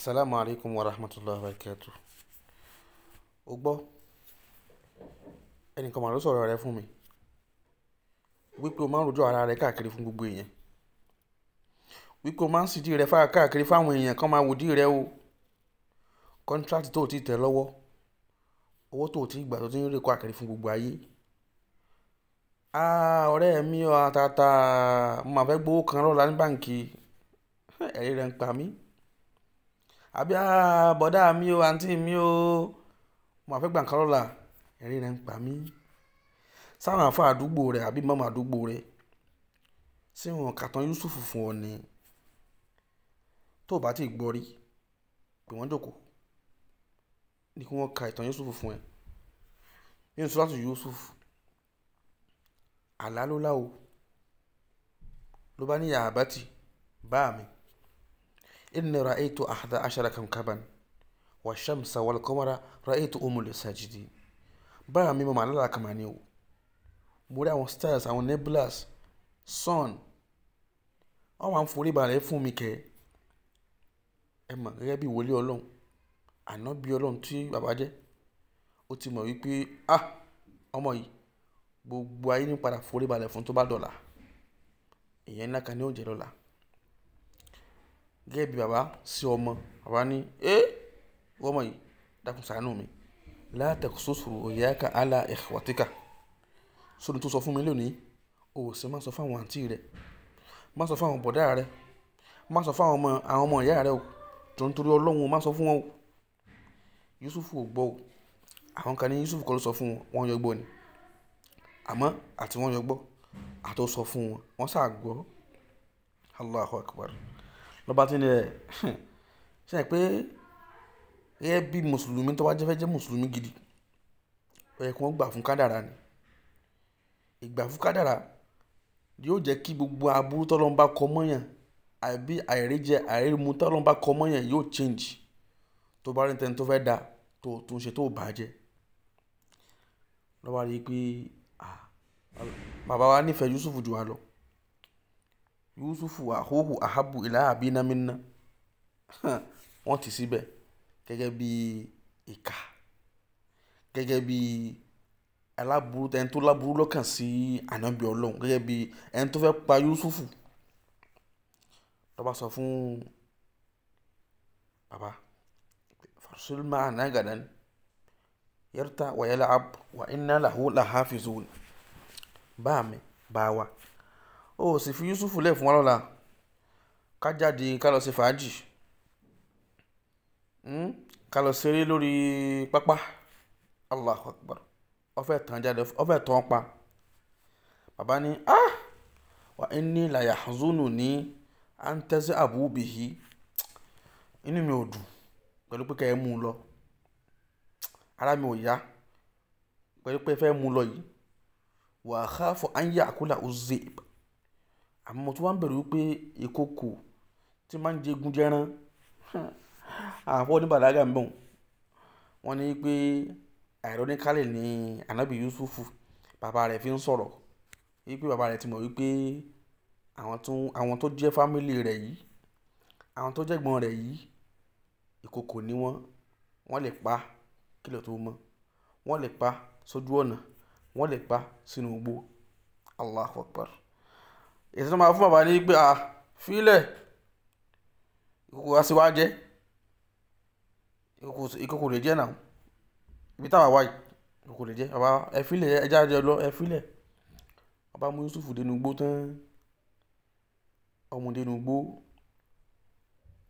asalaamu alaykum wa rahmatulahi wa barakatu o gbọ́ ẹnìkan màá ló sọ̀rọ̀ rẹ fún mi wípé o máa ń rojọ́ ara rẹ káàkiri fún gbogbo èèyàn wípé o máa ń sìdí rẹ fáà káàkiri fáwọn èèyàn kan máa wòdí rẹ o contract tó o ti tẹ̀ lọ́wọ́ owó tó o ti gbà tó ti ń rè káàkiri fún gbogbo ayé ọ̀rẹ́ mi ọ̀ àtàtà mo máa fẹ́ gbowó kan lọ́la ní báǹkì ẹ̀rí rẹ̀ ń pa mí àbí bọ̀dá mi o àǹtí mi o mo àfẹ́ gbà nǹkan lọ́la ẹ̀rín rẹ̀ ń pa mí sáwọn àfa àdúgbò rẹ̀ àbí mọ́mọ́ àdúgbò rẹ̀ sí wọn kàtàn Yusuf fún ọ ni tó o bá ti gbọ́ rí pé wọ́n jókòó ni kí wọ́n ka ìtàn Yusuf fún ẹ nínú sọ́láṣù Yusuf àlá ló láwo ló bá ní yàrá bá ti إني رأيت أحد عشر كوكبا والشمس والقمر رأيت أم الساجدين bára mi mo mà lára kan mà ní o mo rí àwọn stars àwọn nebulas sun wọn wà ń forí balẹ̀ fún mi kẹ́ ẹ mọ̀ gẹ́gẹ́ bí wòlíì ọlọ́run àná bí ọlọ́run tí bàbá jẹ́ ó ti mọ̀ wípé ah ọmọ yìí gbogbo ayé ní padà forí balẹ̀ fún tó bá dọ̀la ìyẹn ńlá kan ní òjẹ́ lọ́la gẹ́gẹ́ bí bàbá sí ọmọ bàbá ní ẹ wọ́mọ yìí dákun ṣàánú mi látàkùsọ́sọ òyàkà àlà ẹ̀wàtíkà sóni tó sọ fún mi lónìí o ò sì má sọ fáwọn àǹtí rẹ má sọ fáwọn bọ̀dá rẹ má sọ fáwọn ọmọ àwọn ọmọ ìyá rẹ o tó ń torí ọlọ́run má sọ fún wọn o Yusufu ò gbọ́ o àwọn kan ní Yusufu kọ́ ló sọ fún wọn wọ́n yọ gbọ́ ni àmọ́ àti wọ́n yọ gbọ́ àtó sọ fún wọn wọ́n sá gbọ́ Allahu akbar lọ́ba tí ń rẹ̀ ṣe pé gẹ́gẹ́ bí mùsùlùmí tó bá jẹ́ fẹ́ jẹ́ mùsùlùmí gidi ó yẹ kí wọ́n gbà fún kádàrà ni ìgbà fún kádàrà yóò jẹ́ kí gbogbo aburú tọ́lọ́mbà kọ mọ́yàn àbí àìríjẹ àìrímu tọ́lọ́mbà kọ mọ́yàn yóò change tó bá rí tẹni tó fẹ́ da tó tó ń ṣe tó bàá jẹ́ lọ́ba rí i pé bàbá wa nífẹ̀ẹ́ Yusuf jù wá lọ yusufu àhóhù ahabu ilá àbínà minna wọ́n ti síbẹ̀ gẹ́gẹ́ bí ìka gẹ́gẹ́ bí aláburú ẹni tó láburú lọ́kàn sí ànábì ọlọ́run gẹ́gẹ́ bí ẹni tó fẹ́ pa yusufu lọ́ba sọ fún baba farsul ma'ana gadan yarta wa yal'ab wa inna lahu lahafizun bá mi ó sì fi Yusuf lẹ̀ fún wa lọ́la ká jáde ká lọ ṣe fàájì hmm? ká lọ ṣeré lórí pápá Allahu Akbar ọfẹ tán jáde ọfẹ tán pa bàbá ní ah wa inni la yahzununi an taz'abu bihi inú mi ò dùn pẹ̀lú pé ká ẹ mú un lọ ara mi ò yá pẹ̀lú pé ẹ fẹ́ mú un lọ yìí wa khafu an ya'kula az-zi'b àmọ́ mo tún bẹ̀rù wípé ìkòkò tí máa ń jẹ egun jẹran àfọ ní ń bọ̀ wọ́n ní pé ironically ni anabi yusufu bàbá rẹ̀ fi ń sọ̀rọ̀ wípé bàbá rẹ̀ ti mọ̀ wípé àwọn tó jẹ́ fámìlì rẹ̀ yìí àwọn tó jẹ́gbọ́n rẹ̀ yìí ìkòkò ni wọ́n wọ́n lè pa kílọ̀ tó mọ́ wọ́n lè pa sójú ọ̀nà wọ́n lè pa sínú igbó Allahu Akbar èsì tó máa fún bàbá ní pé à fílẹ̀ ìkòkò wá sí wá jẹ́ ìkòkò lè jẹ́ náà ibi táwa wá ìkòkò lè jẹ́ bàbá ẹ fílẹ̀ ẹja jẹ lọ ẹ fílẹ̀ bàbá mú Yusuf dénú gbó tán ọmọ dénú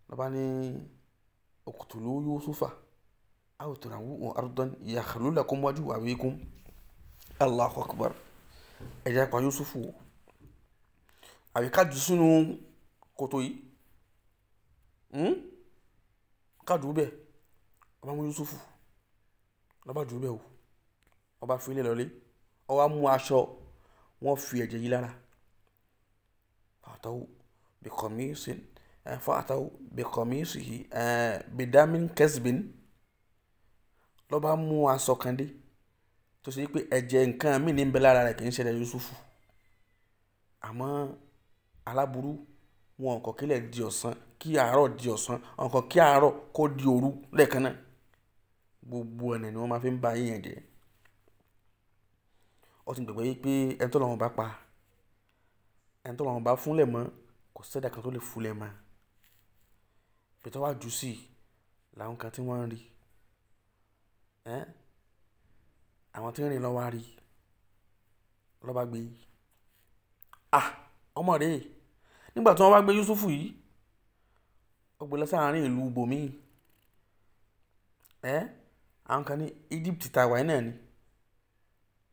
bàbá ní uqtulu Yusufa aw turawu ardan yakhlu lakum wajhu abikum Allahu akbar ẹja pa Yusufu wò àbí ká jù sínú kòtò yìí hmm? ká jù ú bẹ́ẹ̀ ọba mú Yusufu lọ́ba jù ú bẹ́ẹ̀ o ọba fi ilé lọlé ọba mú aṣọ wọn fi ẹ̀jẹ̀ yìí lára àtàwọn bìkọ̀mísìn fàtàwọn bìkọ̀mísìn bìdámín kẹsìbìn lọ́ba mú aṣọ kan dé tó ṣe pé ẹ̀jẹ̀ nǹkan mí ní ń bẹ lára rẹ̀ kì í ṣẹlẹ̀ Yusufu àmọ́ aláburú wọn nǹkan kílẹ̀ di ọ̀sán kí àárọ̀ di ọ̀sán nǹkan kí àárọ̀ kó di òru lẹ́ẹ̀kan náà gbogbo ẹ̀nà ni wọ́n máa fi ń ba yíyan jẹ́ ó ti gbàgbé pé ẹni tó lọ́wọ́ bá pa ẹni tó lọ́wọ́ bá fúnlẹ̀ mọ́ kò sẹ́dá kan tó lè fúnlẹ̀ mọ́ pété wá jù sí làwọn kan tí wọ́n ń rí àwọn tí ń rìn lọ́wọ́ á rí lọ́ba gbé ah ọmọ rèé nígbà tí wọ́n wá gbé Yusufu yìí ó gbé lọ sáàárín ìlú bòmíì ẹ àwọn kan ní Egypt tàwa yìí náà ni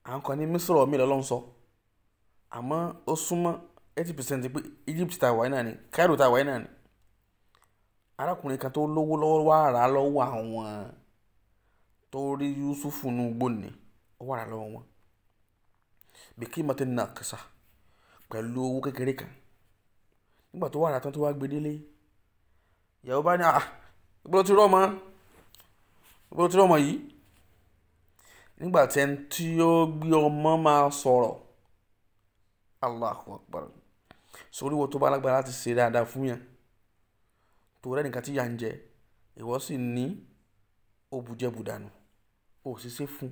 àwọn kan ní Misro mi lọ́lọ́run sọ àmọ́ ó súnmọ́ eighty percent pé Egypt tàwa yìí náà ni Cairo tàwa yìí náà ni arákùnrin kan tó lówó lọ́wọ́ wá rà lọ́wọ́ àwọn tó rí Yusufu nù ni, ó wà rà lọ́wọ́ wọn bí kí mọ́tò nà kẹsà pẹ̀lú owó kékeré kan nígbà tó wà rà tán tó wá gbé délé ìyàwó bá ní à ah, ìgbọ́dọ̀ ti rọ́ọ̀mọ́ ìgbọ́dọ̀ ti rọ́ọ̀mọ́ yìí nígbà tí tí ó gbé ọmọ máa sọ̀rọ̀ Allahu Akbar sórí wo tó bá lágbára láti ṣe dáadáa fún yẹn tó rẹ́ nìkan tí yà ń jẹ ìwọ sì ní òbújẹ́bùdànù ò sì ṣe fún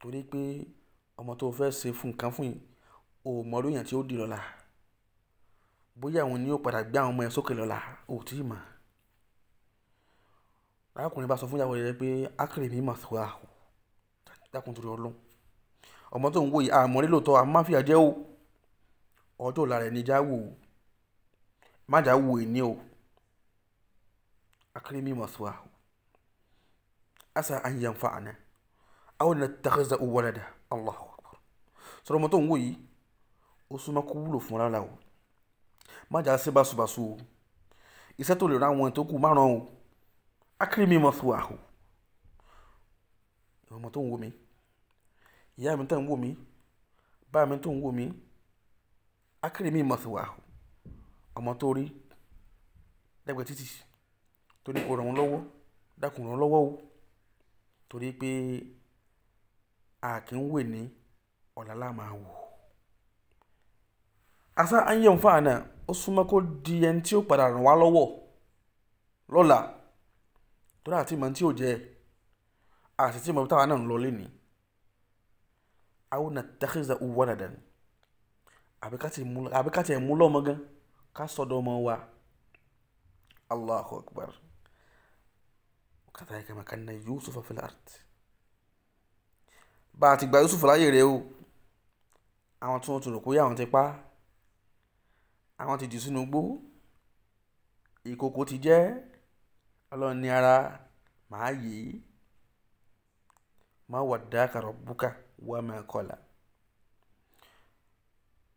torí pé ọmọ tó fẹ́ ṣe fún nǹkan fún yìí ò mọ̀ọ́dún yẹn tí ó di lọ́la bóyá àwọn ni yóò padà gbé àwọn ọmọ yẹn sókè lọ́la ò tí ì mọ̀ arákùnrin bá sọ fún ìyàwó rẹ̀ pé ákèrè mi mà sọ àhù dákun torí ọlọ́run ọmọ tó ń wò yìí àmọ́ nílò tọ́ jẹ́ o ọjọ́ ọ̀la rẹ̀ níjà wò ó má jà wò ní o ákèrè mi mà sọ àhù asa an yanfa'ana aw nattakhidhahu walada Allahu akbar sọ̀rọ̀ ọmọ tó ń wò yìí ó súnmọ́ kó wúlò fún rárá o má sí báṣubàṣu o iṣẹ́ tó lè ra àwọn tó kù má ràn akérèmí mọ̀ sí wàhù ọmọ tó ń wò mí ìyá mi tó ń wò mí bá mi tó ń wò mí akérèmí mọ̀ sí wàhù ọmọ tó rí lẹ́gbẹ̀ẹ́ títì torí kò ràn wọ́n lọ́wọ́ dákun ràn wọ́n lọ́wọ́ o torí pé a kì í wè ní ọ̀la máa wò ó asa anyẹ nfa àná ó súnmọ́ kó di ẹni tí ó padà ràn wá lọ́wọ́ lọ́la torí àti ìmọ̀ tí ò jẹ́ àti tí ìmọ̀ táwa náà ń lọ lé ní àwọn nàtàkìsà òwò nàdàn àbí ká tiẹ̀ mú lọ́mọ gan ká sọ̀dọ̀ ọmọ wa allahu akbar kàtàkì e kama kanna yusuf fil ard bá gba yusuf láyè rẹ o àwọn tí wọn tún rò kó yá àwọn ti pa àwọn ti jù sínú igbó ìkòkò ti jẹ́ ọlọ́run ní ara màá yè é má wà dáàkà rọ̀bùkà wà máa kọlà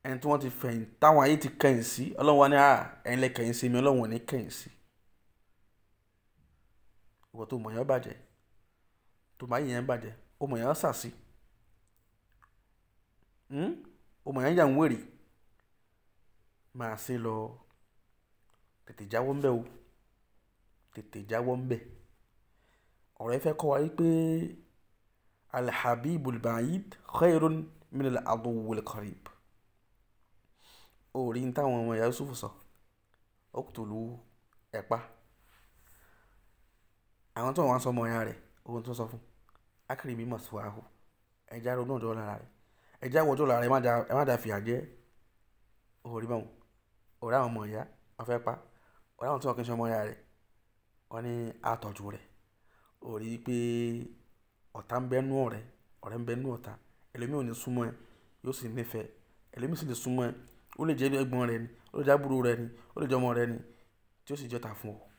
ẹni tí wọ́n ti fẹ̀yìn táwọn ayé ti kẹ̀yìn sí ọlọ́run wa ní à ẹ̀yin lẹ kẹ̀yìn sí mi ọlọ́run ò ní kẹ̀yìn sí ìwọ tó mọ̀ bàjẹ́ tó máa yẹn bàjẹ́ ó mọ̀ sàsí hmm? ó mọ̀ yà ń wèrè máa ṣe lọ tètè jáwọ́ ńbẹ̀ o tètè jáwọ́ ńbẹ̀ ọ̀rọ̀ yìí fẹ́ kọ́ wa yìí pé alhabibul ba'id khairun min al-aduwwil qarib orí ní táwọn ọmọ Yusuf sọ ọkùtòlù ẹ̀pá àwọn tó wọn sọ ọmọ ya rẹ̀ ohun tó sọ fún akiri mímọ̀ sí wa hù ẹja ronú ọjọ́ lára rẹ̀ ẹja wọjọ́ lára rẹ̀ ẹ má da fìyà jẹ orí báwọn ọ̀rẹ́ àwọn ọmọ ìyá wọ́n fẹ́ pa ọ̀rẹ́ àwọn tí wọ́n kì í ṣe ọmọ ìyá rẹ̀ wọ́n ní àtọ́jú rẹ̀ ó rí pé ọ̀tá ń bẹ́nu ọ̀rẹ́ ọ̀rẹ́ ń bẹ́nu ọ̀tá ẹlòmíì ò ní súnmọ́ ẹ yóò sì nífẹ̀ẹ́ ẹlòmíì sì lè súnmọ́ ẹ ó lè jẹ́ ẹgbọ́n rẹ ni ó lè jẹ́ àbúrò rẹ ni ó lè jẹ́ ọmọ rẹ ni tí ó sì jọta fún ọ